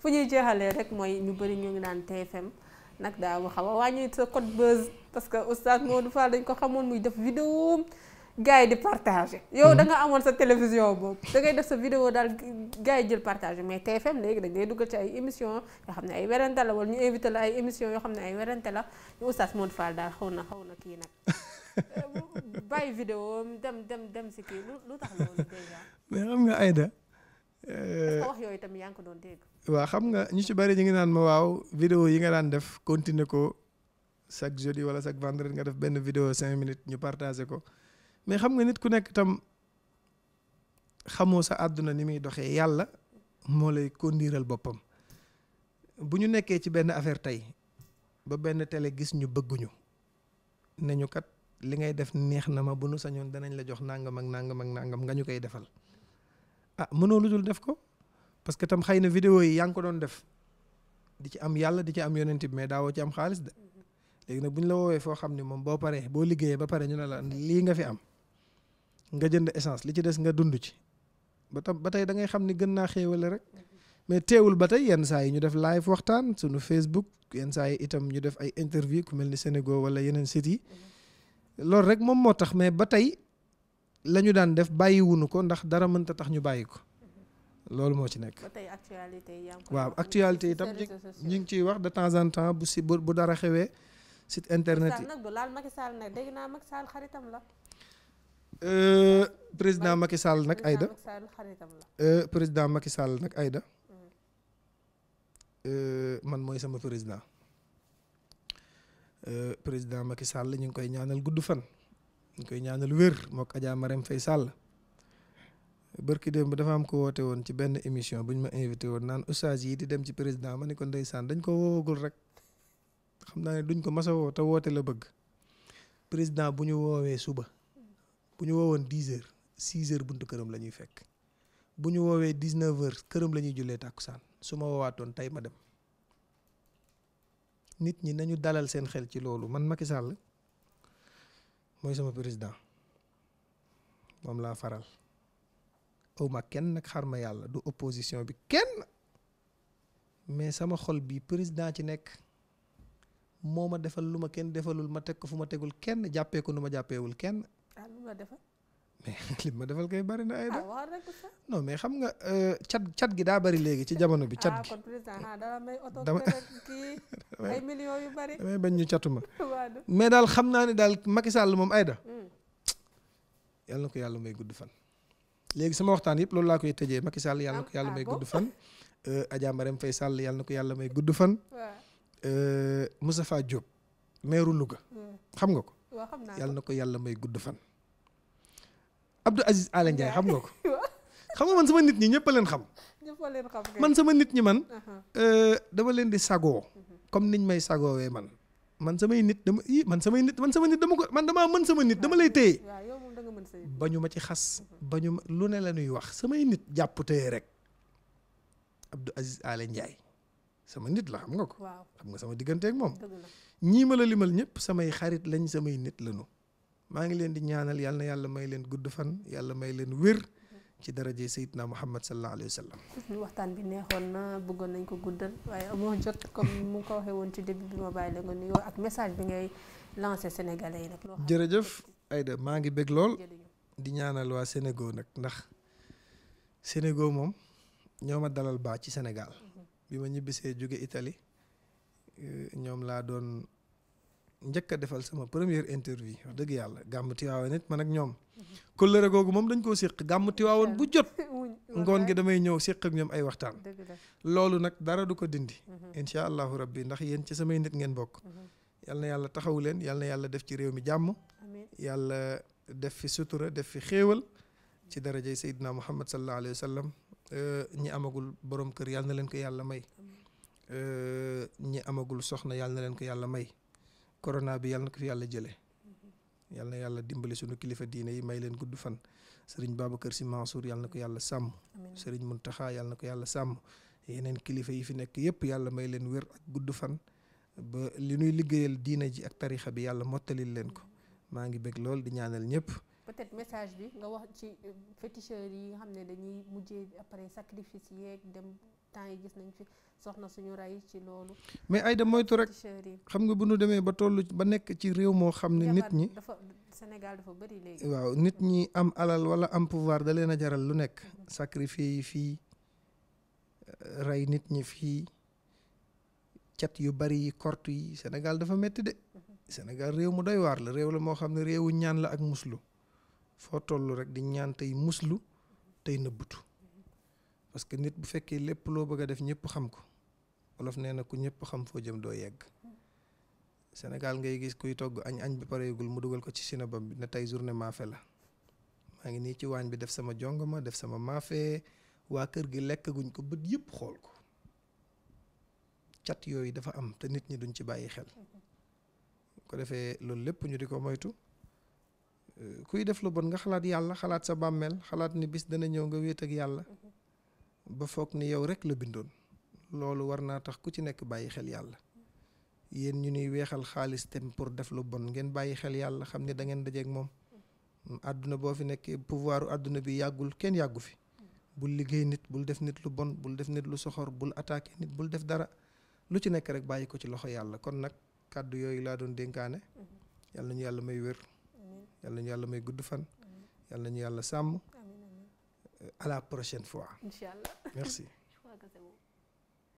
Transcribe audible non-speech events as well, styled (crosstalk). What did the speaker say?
fu ñuy jeexalee rek mooy ñu bëri ñu ngi naan TFM nag daa ma xaw a sa code buzz parce que oustaz Modou Fall dañ ko xamoon muy def vidéo gars yi di partagé. yow hmm. da amoon sa télévision boobu da ngay def sa vidéo daal gars yi jël partagé mais TFM léegi dañ lay duggal ci ay émission yoo xam ne ay werante la wala ñu invité la ay émission yoo xam ne ay werante la ñu oustaz Modou Fall daal xaw na xaw na kii nag (laughs) bàyyi vidéo dem dem dem si kii lu tax loolu déjà. mais Euh, wax yooyu tamit yaa ngi ko doon waaw xam nga ñu ci bari ñu ngi naan ma waaw video yi nga daan def continuer ko chaque jeudi wala chaque vendredi nga def benn vidéo cinq minutes ñu partagé ko mais xam nga nit ku nekk tam xamoo sa àdduna ni muy doxee yàlla moo lay kondiiral boppam bu ñu nekkee ci benn affaire tey ba benn télé gis ñu bëgguñu ne ñu kat li ngay def neex na ma bu nu sañoon danañ la jox nangam ak nangam ak nangam nga ñu koy defal. ah mënoo lu dul def ko parce que tam xëy na vidéo yi yaa ngi ko doon def di ci am yàlla di ci am yonent bi mais daawoo ci am xaalis de léegi nag bu ñu la woowee foo xam ne moom boo paree boo liggéeyee ba pare ñu ne la lii nga fi am nga jënd essence li ci des nga dund ci ba tam ba tey da ngay xam ni gën naa xéewale rek mais teewul ba tey yenn saa yi ñu def live waxtaan suñu Facebook yenn saa yi itam ñu def ay interview ku mel ni Sénégal wala yeneen sites yi loolu rek tax mais ba tey la ñu daan def bàyyiwunu ko ndax dara mënta tax ñu bàyyi ko loolu moo ci nekk. waaw actualité itam ñu ngi ciy wax de temps en temps bu si bu dara xewee site internet yi. président Macky Sall nag Aïda président Macky Sall nag Aïda man mooy sama président euh, président Macky Sall ñu ngi koy ñaanal gudd fan. ñu koy ñaanal wér mook Adja Marème Faye Sall barki démb dafa am ko woote woon ci benn émission bu ñu ma invité woon naan oustaz yi di dem ci président ma ne ko ndeysaan dañ ko woowagul rek xam naa ne duñ ko mas a woo te woote la bëgg président bu ñu woowee suba bu ñu woowoon dix heure six heures buntu këram la ñuy fekk bu ñu woowee dix neuf heures këram la ñuy jullee tàkkusaan su ma woowaatoon tey ma dem nit ñi nañu dalal seen xel ci loolu man Macky Sall mooy sama président moom laa faral aw ma kenn xar ma yàlla du opposition bi kenn mais sama xol bi président ci nekk moo ma defal lu ma kenn defalul ma teg ko fu ma tegul kenn jàppee ko nu ma jàppeewul kenn. ah lu ma mais (laughs) li ma defal kay bari na ay ah, mais xam nga euh, cat cat gi daa bari léegi ci jamono bi cat ah, gi ah, (laughs) damay bañ ñu catu (laughs) mais daal xam naa ne daal Macky Sall moom ayda da hmm. na ko yàlla may gudd fan léegi su ma waxtaan yëpp loolu laa koy tëjee Macky Sall yàlla ko yàlla may gudd fan euh, Adja fay sàll Sall yàlla na ko yàlla may gudd fan euh, Moustapha Diop maire Louga hmm. xam nga ko yàlla na ko yàlla may gudd fan Abdou Aziz Ala Ndiaye xam nga ko (laughs) xam nga man sama nit ñi ñëpp leen xam. man sama nit ñi man. Uh-huh. Euh, dama leen di sagoo. Uh-huh. comme niñ may sagoowee man. man samay nit dama man samay nit man sama nit dama ko man damaa mën sama nit dama lay téye. bañu ma ci xas. Uh-huh. bañu ma lu ne la ñuy wax samay nit jàpp rek Abdou Aziz sama nit la xam nga ko. xam nga sama digganteeg moom. ñii ma la limal ñëpp samay xarit lañ samay nit lañu. maa ngi leen di ñaanal yàlla yàlla may leen gudd fan yàlla may leen wér ci daraje Seydina Muhammad sallallahu alayhi wa sallam. (laughs) waxtaan bi neexoon na bëggoon nañ ko guddal waaye amoo jot comme mu ko waxee woon ci début bi ma bàyyi la nga nuyoo ak message bi ngay lancé sénégalais yi nag. jërëjëf Aïda maa ngi bég lool di ñaanal waa Sénégal nag ndax Sénégal moom ñoo dalal baax ci Sénégal mhm. bi ma ñibbisee jóge Italie euh, ñoom laa doon. njëkk a defal sama première interview wax dëgg yàlla gàmm tiwaawoon nit man ak ñoom. kóllëre googu moom dañ koo séq gàmm tiwaawoon bu jot. (laughs) ngoon gi damay ñëw séq ak ñoom ay waxtaan. loolu nag dara du ko dindi. Mhm. incha allahu rabbi ndax yéen ci samay nit ngeen bokk. Mhm. yal na yàlla taxawu leen yal yàlla def ci réew mi jàmm. yàlla def fi sutura def fi xéewal. ci darajay Seydina Muhammad sallallahu alayhi wa sallam ñi amagul borom kër yal na leen ko yàlla may. ñi amagul soxna yal na leen ko yàlla may. corona bi yàlla na ko fi yàlla jëlee yàlla na yàlla dimbali suñu kilifa diine yi may leen gudd fan sëriñ Babacar Sy Mansour yàlla na ko yàlla sàmm sëriñ Mountakha yàlla na ko yàlla sàmm yeneen kilifa yi fi nekk yëpp yàlla may leen wér ak gudd fan ba li nuy liggéeyal diine ji ak tarixa bi yàlla mottalil leen ko maa ngi bëgg lool di ñaanal ñëpp peut-être message bi nga wax ci féticheurs yi nga xam ne dañuy mujjee après sacrifice yeeg dem temps yi gis nañ fi soxna suñu rey ci loolu. mais Aïda moytu rek xam nga bu ñu demee ba toll ba nekk ci réew moo xam ne nit ñi. dafa Sénégal dafa bëri waaw nit ñi am alal wala am pouvoir da leen a jaral lu nekk. sacrifice yi fii euh, rey nit ñi fii cat yu bari yi kortu yi Sénégal dafa metti de. senegal réew mu doy waar la réew la moo xam ne réewu ñaan la ak muslu foo toll rek di ñaan tey muslu tey nëbbutu. parce que nit bu fekkee lépp loo bëgg a def ñëpp xam ko wolof nee na ku ñëpp xam foo jëm doo yegg Sénégal ngay gis kuy togg añ añ bi pareegul mu dugal ko ci sinabam bi ne tey journée maafe la maa ngi nii ci waañ bi def sama jongoma def sama maafe waa kër gi lekk guñ ko bët yëpp xool ko cat yooyu dafa am te nit ñi duñ ci bàyyi xel ko defee loolu lépp ñu di ko moytu kuy def lu bon nga xalaat yàlla xalaat sa bàmmeel xalaat ni bis dana ñëw nga wéet ak yàlla ba foog ni yow rek la bindoon loolu war naa tax ku ci nekk bàyyi xel yàlla yéen ñu nuy weexal xaalis tem pour def lu bon ngeen bàyyi xel yàlla xam ne da ngeen dajeeg moom àdduna boo fi nekkee pouvoiru àdduna bi yàggul kenn yàggu fi bul liggéey nit bul def nit lu bon bul def nit lu soxor bul attaqué nit bul def dara lu ci nekk rek bàyyi ko ci loxo yàlla kon nag kàddu yooyu laa doon dénkaane mhm. yàlla ñu yàlla may wér yàlla ñu yàlla may gudd fan yàlla à la prochaine fois. Inch'Allah. Merci.